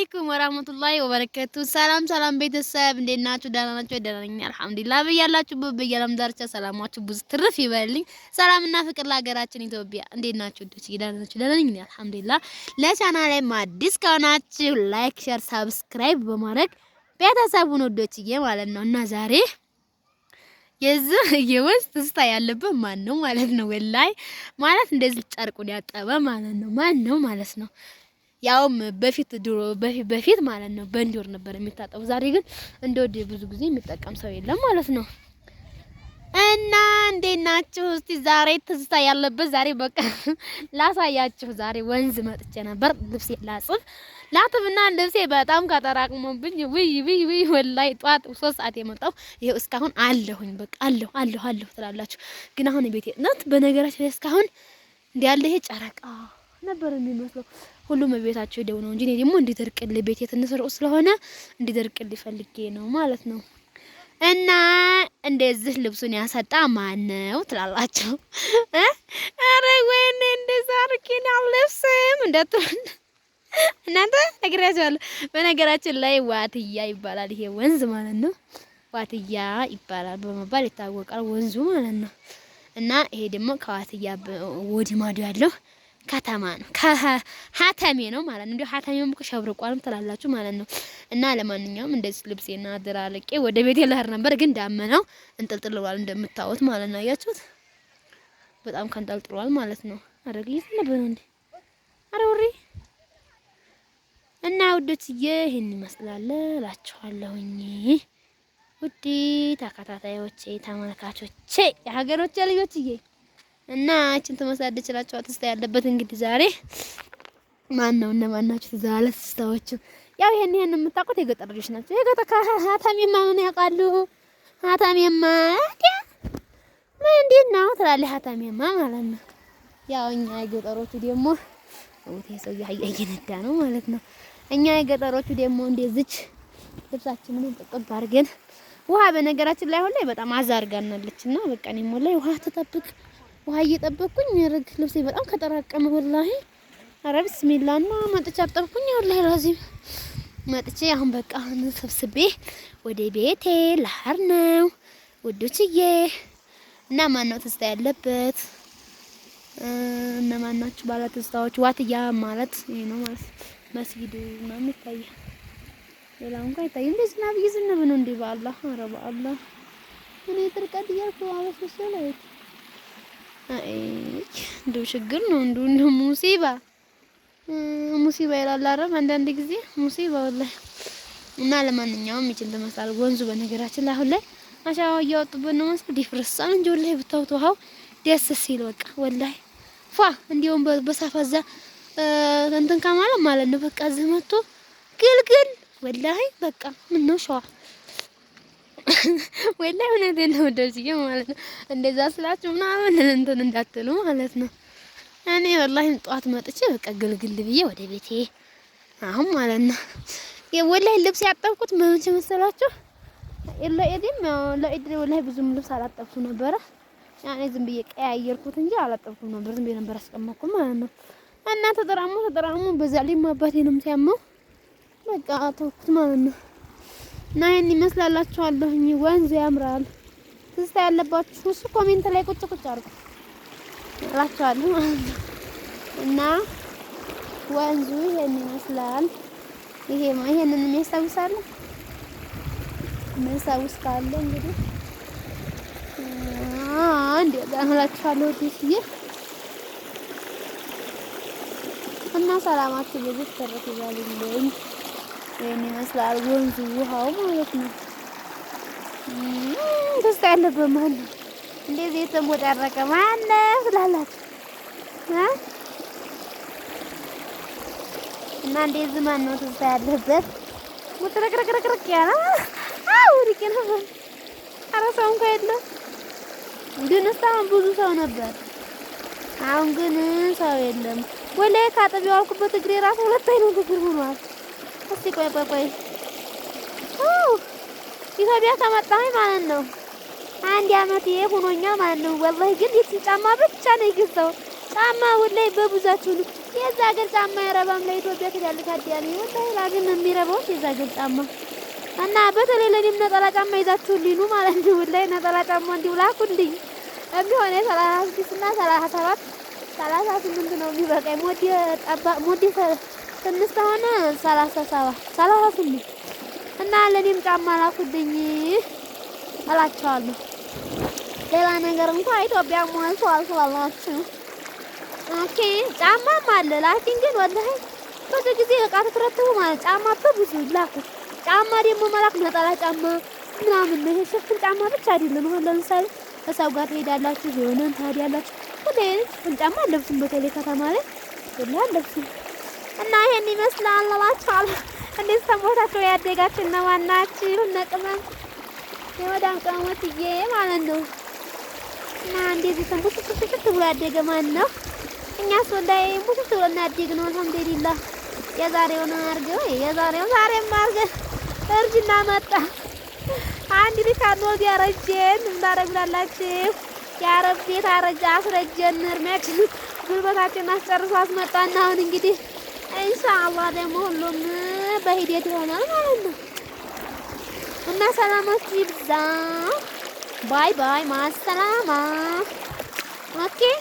አለይኩም ወራህመቱላሂ ወበረከቱ። ሰላም ሰላም ቤተሰብ እንዴት ናችሁ? ደህና ናችሁ? ደህና ነኝ አልሐምዱሊላህ። በያላችሁበት በየዓለም ዳርቻ ሰላማችሁ ብዙ ትርፍ ይበልኝ። ሰላምና ፍቅር ለሀገራችን ኢትዮጵያ። እንዴት ናችሁ? ደህና ናችሁ? ደህና ነኝ አልሐምዱሊላህ። ለቻናሌ አዲስ ከሆናችሁ ላይክ፣ ሼር፣ ሳብስክራይብ በማድረግ ቤተሰቡን ወዶችዬ ማለት ነው እና ዛሬ የዚህ የወንዝ ትዝታ ያለበት ማን ነው ማለት ነው? ወላይ ማለት እንደዚህ ጨርቁን ያጠበ ማለት ነው ማን ነው ማለት ነው ያውም በፊት ድሮ በፊት ማለት ነው በእንዲ ነበር የሚታጠቡ። ዛሬ ግን እንደ ወደ ብዙ ጊዜ የሚጠቀም ሰው የለም ማለት ነው። እና እንዴት ናችሁ? እስቲ ዛሬ ትዝታ ያለበት ዛሬ በቃ ላሳያችሁ። ዛሬ ወንዝ መጥቼ ነበር ልብሴ ላጽፍ ላትብና ልብሴ በጣም ካጠራቅሞብኝ ውይ ውይ ውይ ወላይ ጧት ሶስት ሰዓት የመጣው ይሄው እስካሁን አለሁኝ። በቃ አለሁ አለሁ አለሁ ትላላችሁ፣ ግን አሁን ቤቴ ናት። በነገራችን ላይ እስካሁን እንዲያለ ይሄ ጨረቃ ነበር የሚመስለው ሁሉም ቤታቸው ደው ነው እንጂ እኔ ደግሞ እንዲደርቅልኝ ቤት የተነሰረው ስለሆነ እንዲደርቅልኝ ፈልጌ ነው ማለት ነው። እና እንደዚህ ልብሱን ያሰጣ ማን ነው ትላላችሁ? አረ ወይኔ እንደዛ አርኪና ልብስም እንደትል እናንተ ነግሬያቸዋለሁ። በነገራችን ላይ ዋትያ ይባላል ይሄ ወንዝ ማለት ነው። ዋትያ ይባላል በመባል ይታወቃል ወንዙ ማለት ነው። እና ይሄ ደግሞ ከዋትያ ወዲህ ማዶ ያለው ከተማ ነው፣ ከሀተሜ ነው ማለት ነው። እንዲሁ ሀተሜም እኮ ሸብርቋልም ትላላችሁ ማለት ነው። እና ለማንኛውም እንደዚህ ልብሴና ድራልቄ ወደ ቤቴ ልሄድ ነበር፣ ግን ዳመናው እንጥልጥልሏል እንደምታዩት ማለት ነው። አያችሁት? በጣም ከንጠልጥሏል ማለት ነው። አረግ የት ነበር እንዴ? አረ ወሬ እና ውዶችዬ ይህን ይመስላል እላችኋለሁኝ። ውዴ ተከታታዮቼ፣ ተመልካቾቼ፣ የሀገሮቼ ልጆችዬ እና እቺን ትመስላለች እላቸዋለሁ። ትስታ ያለበት እንግዲህ ዛሬ ማን ነው እና ማን ናችሁ? ዛለ ትስታዎቹ ያው ይሄን ይሄን የምታውቁት የገጠር ልጆች ናቸው። የገጠር ሀታሜማ ምን ያውቃሉ? ሀታሜማ ምን እንዴት ነው ትላለች። ሀታሜማ ማለት ነው ያው እኛ የገጠሮቹ ደግሞ ወቴ ሰው እየነዳ ነው ማለት ነው። እኛ የገጠሮቹ ደግሞ እንደዚች ልብሳችንን ጥቅብ አድርገን ውሃ በነገራችን ላይ አሁን ላይ በጣም አዛርጋናለችና በቃ ነው ላይ ውሃ ተጠብቅ ውሃ እየጠበቅኩኝ ርግ ልብሴ በጣም ከጠራቀመ ወላሂ ብስሚላ ና መጥቼ አጠብኩኝ። ወላሂ ላዚም መጥቼ አሁን በቃ ሰብስቤ ወደ ቤቴ ላህር ነው ውዶችዬ። እና ማን ነው ትዝታ ያለበት እነማናችሁ? ማን ናችሁ ባለ ትዝታዎች? ዋትያ ማለት ይሄ ነው ማለት መስጊድ ምናምን ይታያል። ሌላ እንኳ አይታይም። እንደ ዝናብ እየዘነበ ነው እንዴ! በአላህ አረ በአላህ እኔ ጥርቀት እያልኩ አበስብሰ ላይ እንደው ችግር ነው እንደው እንደው ሙሲባ ሙሲባ ይላል አረብ አንዳንድ ጊዜ ሙሲባ ወላሂ። እና ለማንኛውም ይችን ትመስላል ወንዙ። በነገራችን ላይ አሁን ላይ አሻዋ እያወጡበት ነው መሰለኝ። ዲፍረሳ እንጂ ወላሂ ብታውት ውሀው ደስ ሲል በቃ ወላሂ ፏ። እንዲሁም በሳፋዛ እንትን ከማለት ማለት ነው በቃ ዝህ ግልግል ወላሂ በቃ ምን ነው ሸዋ ወላሂ እውነቴን ነው ደርሲዬ ማለት ነው። እንደዛ ስላችሁ ምናምን እንትን እንዳትሉ ማለት ነው። እኔ ወላሂ ጠዋት መጥቼ በቃ ግልግል ብዬ ወደ ቤቴ አሁን ማለት ነው። ወላሂ ልብስ ያጠብኩት መቼ መሰላችሁ? ለኢድም ለኢድ ወላሂ ብዙም ልብስ አላጠብኩ ነበረ። ያኔ ዝም ብዬ ቀያየርኩት እንጂ አላጠብኩም ነበር። ዝም ብዬ ነበር አስቀመጥኩ ማለት ነው። እና ተጠራሙ ተጠራሙ። በዛ ላይ አባቴንም ሲያመው በቃ ተውኩት ማለት ነው። እና ይሄን ይመስላላችኋለሁኝ። ወንዝ ያምራል። ትዝታ ያለባችሁ እሱ ኮሜንት ላይ ቁጭ ቁጭ አድርጉ እላችኋለሁ እና ወንዙ ይሄን ይመስላል። ይሄ ማ ይሄንን የሚያስታውሳል የሚያስታውስ ካለ እንግዲህ አንድ ያላችኋለሁ ትይዬ እና ሰላማችሁ ብዙ ተረፈ ይዛልልኝ። ይህን ይመስላል ወንዙ ውሃው ማለት ነው። ደስታ ያለበት ማን ነው? እንደዚህ የተሞጫረቀ ማን ነው ስላላችሁ እና እንደዚህ ማን ነው ደስታ ያለበት ሙጥረቅረቅረቅረቅ ያለ አውሪቅ ነበር። ኧረ ሰው እንኳ የለም፣ ግን እስካሁን ብዙ ሰው ነበር። አሁን ግን ሰው የለም። ወላሂ ካጠቢው አልኩበት እግሬ ራሱ ሁለት አይነት እግር ሆኗል። እስቲ ቆይ ቆይ ቆይ ኢትዮጵያ ከመጣሁኝ ማለት ነው አንድ አመት ይሄ ሆኖኛ ማለት ነው። ወላሂ ግን የዚህ ጫማ ብቻ ነው የገዛሁት። ጫማ ወላሂ በብዛት ሁሉ የዛ ሀገር ጫማ አይረባም ለኢትዮጵያ ትላልቅ አዲያኔ ወላሂ ላግን የሚረባው የዛ ሀገር ጫማ እና በተለይ ለኔም ነጠላ ጫማ ይዛችሁልኝ ኑ ማለት ነው። ወላሂ ነጠላ ጫማ እንዲሁ ላኩልኝ የሚሆነ ሰላሳ ስድስት እና ሰላሳ ሰባት ሰላሳ ስምንት ነው የሚበቃኝ ሞዴ ጠባ ሞዴ ትንሽ ከሆነ ሰላሳ ሰባት ሰላሳ ስምንት እና ለኔም ጫማ ላኩልኝ እላቸዋለሁ። ሌላ ነገር እንኳን ኢትዮጵያ ሞልቷል ስላላችሁ ኦኬ፣ ጫማም አለ ላኪን ግን ወላሂ ብዙ ጊዜ እቃ ተተረተቡ ማለት ጫማ በብዙ ላኩ። ጫማ ደግሞ መላክ ነጠላ ጫማ ምናምን ነው። ሽፍን ጫማ ብቻ አይደለም። አሁን ለምሳሌ ከሰው ጋር ትሄዳላችሁ፣ የሆነን ታዲያላችሁ፣ ያላችሁ ሁሌ ሽፍን ጫማ አለብስም። በተለይ ከተማ ላይ ሁሌ አለብስም። እና ይሄን ይመስላል ለማቻል እንዴት ተቦታችሁ ያደጋችሁ እና ናችሁ? እነ ቅመም የወዳም ቅመሞችዬ ማለት ነው። እና እንደዚህ ተንቡሽሽሽሽ ብሎ ያደገ ማን ነው? እኛ ሶላይ ቡሽሽ ብሎ እናደግ ነው። አልሐምዱሊላህ የዛሬውን አርገ ወይ የዛሬው ዛሬም አርገ እርጅና መጣ። አንድ ሪካርዶ ያረጀን እንዳረግላላችሁ የአረብ ቤት አረጃ አስረጀን እርሚያችን ጉልበታችን አስጨርሶ አስመጣና አሁን እንግዲህ ኢንሻአላህ ደግሞ ሁሉም በሂደት ይሆናል ማለት ነው እና ሰላማችሁ ይብዛ። ባይ ባይ፣ ማሰላማ። ኦኬ